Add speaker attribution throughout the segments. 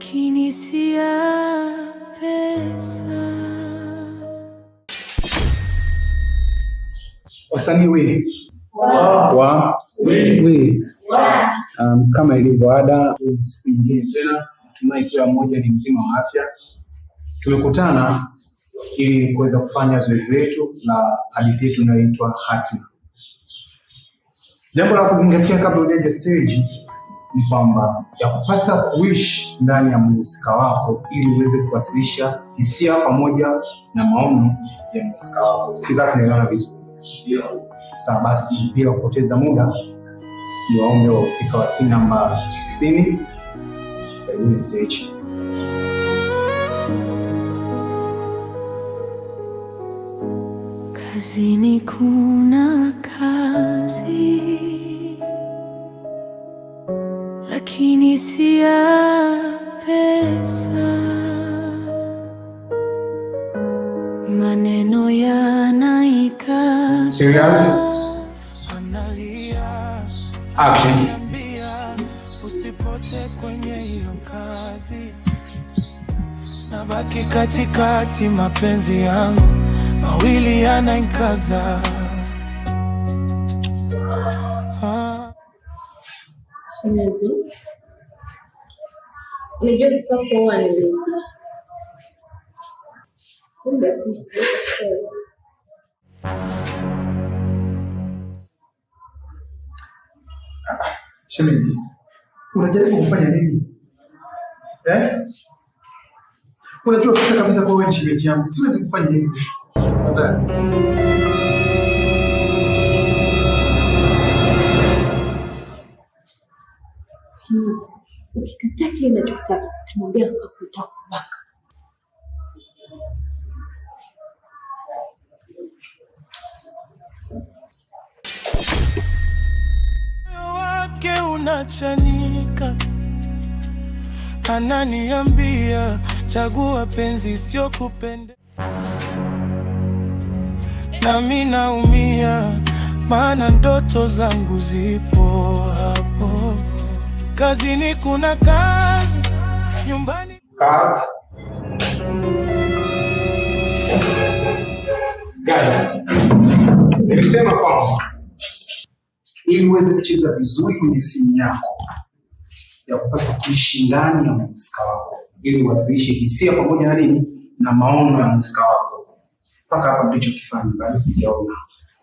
Speaker 1: lakini si ya pesa.
Speaker 2: Wasanii we
Speaker 3: wa,
Speaker 2: we, Um, kama ilivyo ada, siku nyingine tena, natumai kila mmoja ni mzima wa afya. Tumekutana ili kuweza kufanya zoezi letu la hadithi yetu inayoitwa Hatima. Jambo la kuzingatia kabla ujaja stage ni kwamba ya kupasa kuishi ndani ya mhusika wako ili uweze kuwasilisha hisia pamoja na maono ya mhusika wako. Sikiliza, tunaelewana vizuri? Sasa basi, bila kupoteza muda, ni waombe wahusika wa scene namba 90 stage.
Speaker 1: Kazini kuna kazi lakini si ya pesa. Maneno yanaikata.
Speaker 2: Usipote kwenye hiyo kazi, nabaki katikati, mapenzi
Speaker 4: yangu mawili yanaikaza ah. Semebi. Unajua kukaa kuoa ni rahisi. Kumbe sisi
Speaker 2: Shemeji, unajaribu kufanya nini? Eh? Unajua fika kabisa kwa wewe shemeji yangu. Siwezi kufanya hivyo. Tafadhali
Speaker 4: ukikataa kile ninachokitaka nitamwambia kubaka. wake unachanika, ananiambia chagua penzi sio kupende,
Speaker 2: nami naumia, maana ndoto zangu zipo hapo kazini kuna kazi, nyumbani Cut. Guys, nilisema kwamba ili uweze kucheza vizuri kwenye simu yako ya kupata kuishi ndani ya mhusika wako, ili uwasilishe hisia pamoja na nini na maono ya mhusika wako. Mpaka hapa ndicho kifani, bado sijaona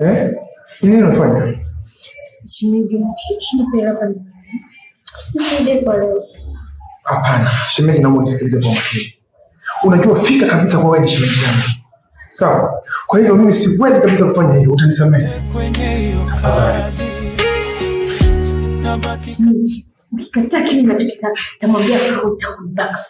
Speaker 2: Eh? Nini unafanya? Hapana, shemeji, naomba nisikilize kwa makini. Unajua fika kabisa kwa wewe shemeji yangu. Sawa? Kwa hivyo mimi siwezi kabisa kufanya hivyo, utanisamehe.
Speaker 4: Ukikataa kile ninachokitaka, nitamwambia kaka utanibaka.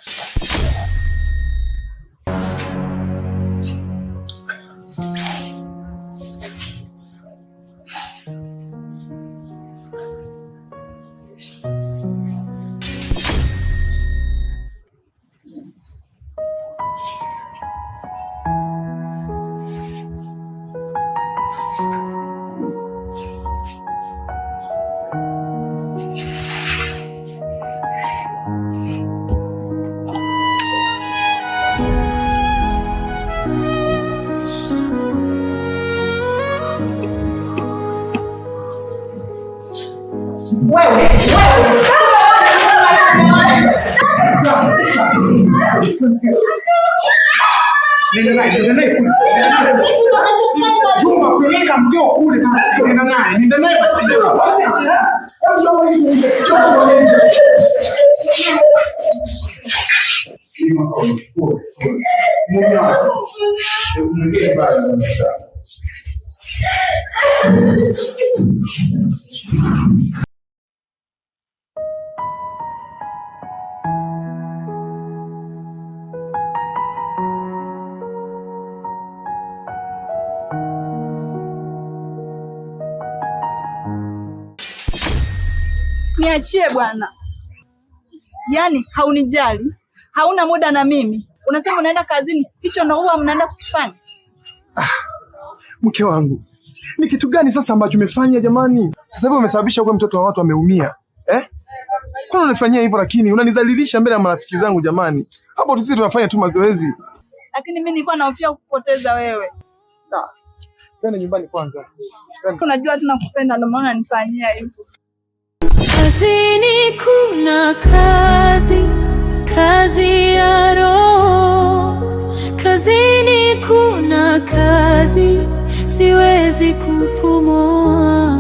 Speaker 5: Juma, peleka mjoo kule basi, nenda naye, nenda naye basi. niachie bwana. Yaani haunijali, hauna muda na mimi, unasema unaenda kazini, hicho ndo huwa mnaenda kufanya. Ah,
Speaker 6: mke wangu ni kitu gani sasa ambacho umefanya jamani? Sasa hivi umesababisha uwe mtoto wa watu ameumia eh? Kwani unanifanyia hivyo, lakini unanidhalilisha mbele ya marafiki zangu jamani. Hapo tu sisi tunafanya tu mazoezi,
Speaker 5: lakini mimi nilikuwa nahofia kukupoteza wewe.
Speaker 6: Ah, twende nyumbani kwanza,
Speaker 5: unajua tunakupenda, ndio maana nifanyia hivyo.
Speaker 1: Kazini kuna kazi, kazi ya Roho. Kazini kuna kazi, siwezi kupumua.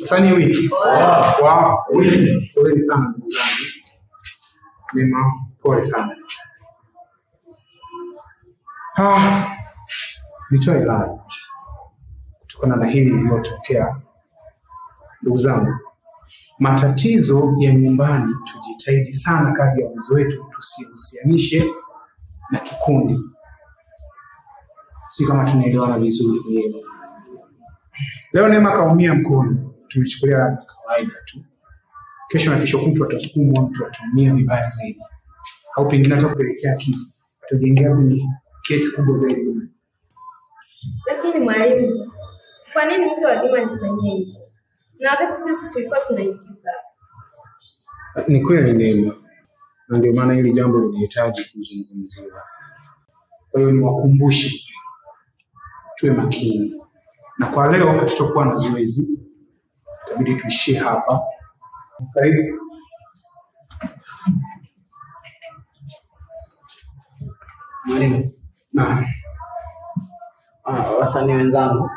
Speaker 2: Sasa ni wiki
Speaker 3: kwa wiki,
Speaker 2: poleni sana ndugu zangu, mema, pole sana. Ah. Nitoe rai kutokana na hili lililotokea. Ndugu zangu, matatizo ya nyumbani tujitahidi sana kadri ya uwezo wetu tusihusianishe na kikundi. si kama tunaelewana vizuri kwenye Leo Neema kaumia mkono, tumechukulia labda kawaida tu. Kesho na kesho kutwa atasukumwa, mtu ataumia vibaya zaidi, au pengine hata kupelekea kifo, atajengea kwenye kesi kubwa zaidi.
Speaker 5: Lakini mwalimu, kwa nini mtu wazima nifanyie hivi na wakati sisi tulikuwa tunaigiza?
Speaker 2: Ni kweli Neema, na ndio maana hili jambo linahitaji kuzungumziwa. Kwa hiyo niwakumbushe, tuwe makini, na kwa leo hatutakuwa na zoezi, itabidi tuishie hapa. Karibu.
Speaker 7: Mwalimu. Naam. Ah, wasanii wenzangu,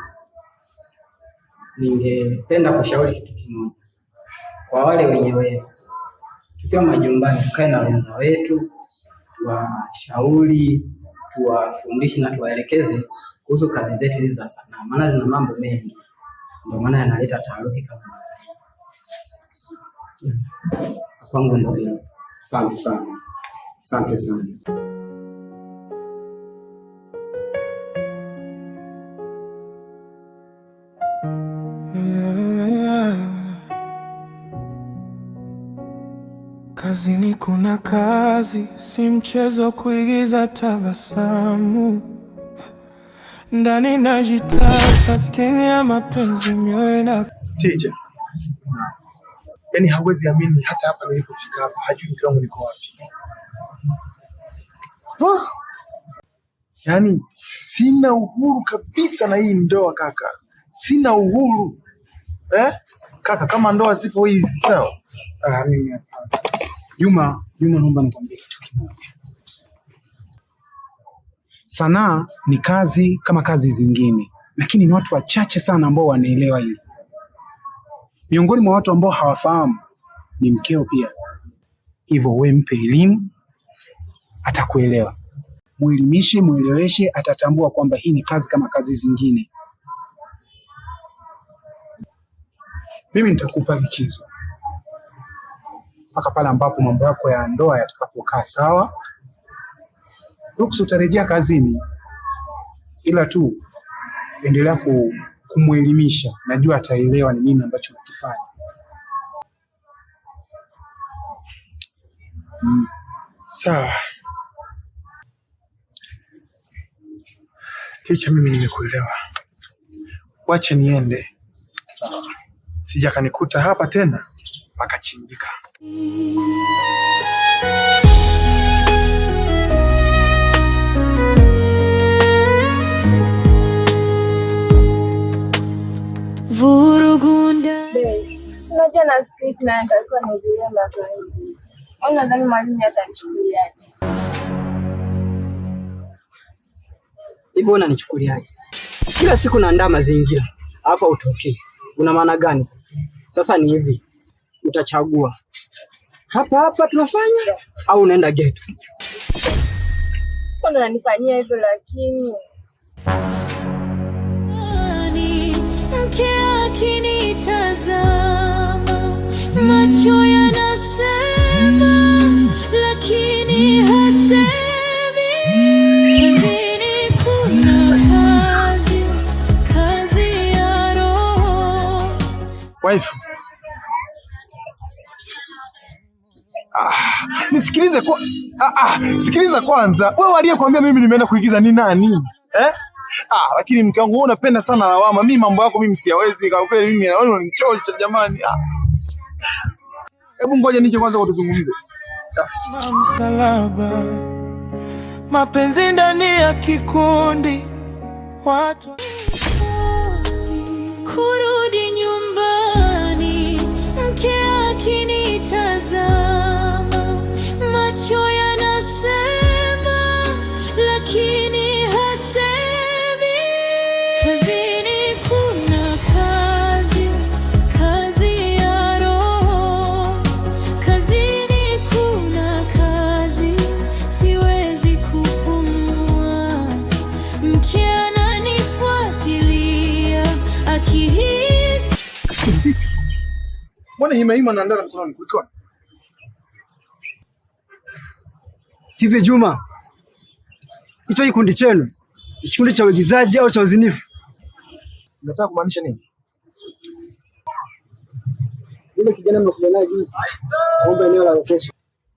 Speaker 7: ningependa kushauri kitu kimoja kwa wale wenye wetu, tukiwa majumbani, tukae na wenza wetu, tuwashauri, tuwafundishe na tuwaelekeze kuhusu kazi zetu hizi za sanaa, maana zina mambo mengi, ndio maana yanaleta taaruki kama kwangu. Ndio hilo. Asante sana, asante sana.
Speaker 1: Kazini kuna kazi, si mchezo kuigiza tabasamu. Ndani najitasa skini ya mapenzi mioyo na
Speaker 2: Teacher. Yaani hawezi amini hata hapa nilipofika hapa hajui kwangu niko wapi. Yaani sina uhuru kabisa na hii ndoa kaka, sina uhuru eh? Kaka, kama ndoa zipo hivi sawa, ah, mimi hapana. Juma, Juma, naomba nikwambie kitu kimoja. Sanaa ni kazi kama kazi zingine, lakini ni watu wachache sana ambao wanaelewa hili. Miongoni mwa watu ambao hawafahamu ni mkeo pia. Hivyo we mpe elimu, atakuelewa. Mwelimishe, mweleweshe, atatambua kwamba hii ni kazi kama kazi zingine. Mimi nitakupa likizo mpaka pale ambapo mambo yako ya ndoa yatakapokaa sawa. Ruksa, utarejea kazini, ila tu endelea kumwelimisha, najua ataelewa ni nini ambacho nakifanya. Mm. Sawa ticha, mimi nimekuelewa, wache niende, sija kanikuta hapa tena pakachimbika. Unajua
Speaker 5: na script na mwalimu atanichukuliaje?
Speaker 2: Hivyo unanichukuliaje? Kila siku naandaa mazingira alafu utokee, una maana gani sasa? Sasa ni hivi, utachagua hapa hapa tunafanya au unaenda geto?
Speaker 5: Mbona unanifanyia hivyo lakini? Nani mke akinitazama macho yanasema,
Speaker 2: lakini hasemi. Mjini kuna kazi, kazi ya roho. Wife Ah, nisikilize kwa... ah, ah, sikiliza kwanza. Wewe aliyekwambia mimi nimeenda kuigiza ni nani eh? Ah, lakini mke wangu wewe unapenda sana lawama. Mimi mambo yako mimi siyawezi kwa kweli, mimi naona unanichosha jamani. Ah. Hebu ngoja nije kwanza kutuzungumze. tuzungumze. Ah. Msalaba. Mapenzi ndani ya kikundi. Watu. Kuru. amenyimaima na ndara mkononi kulikoni? Hivi Juma, hicho kikundi chenu kikundi cha uigizaji au cha uzinifu? Nataka kumaanisha nini? Yule kijana mlikuwa naye juzi omba eneo la location,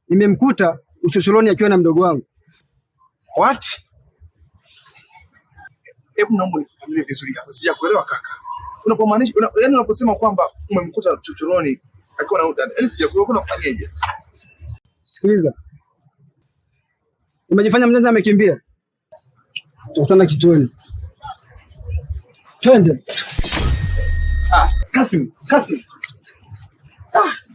Speaker 2: nimemkuta uchochoroni akiwa na mdogo wangu. What? Hebu naomba unifafanue vizuri hapo, sijakuelewa kaka. Unapomaanisha, yaani unaposema kwamba umemkuta uchochoroni Yaani Sikiliza, simejifanya mjanja amekimbia, tukutana kituoni, twende. Ah, Kasim, Kasim. Ah.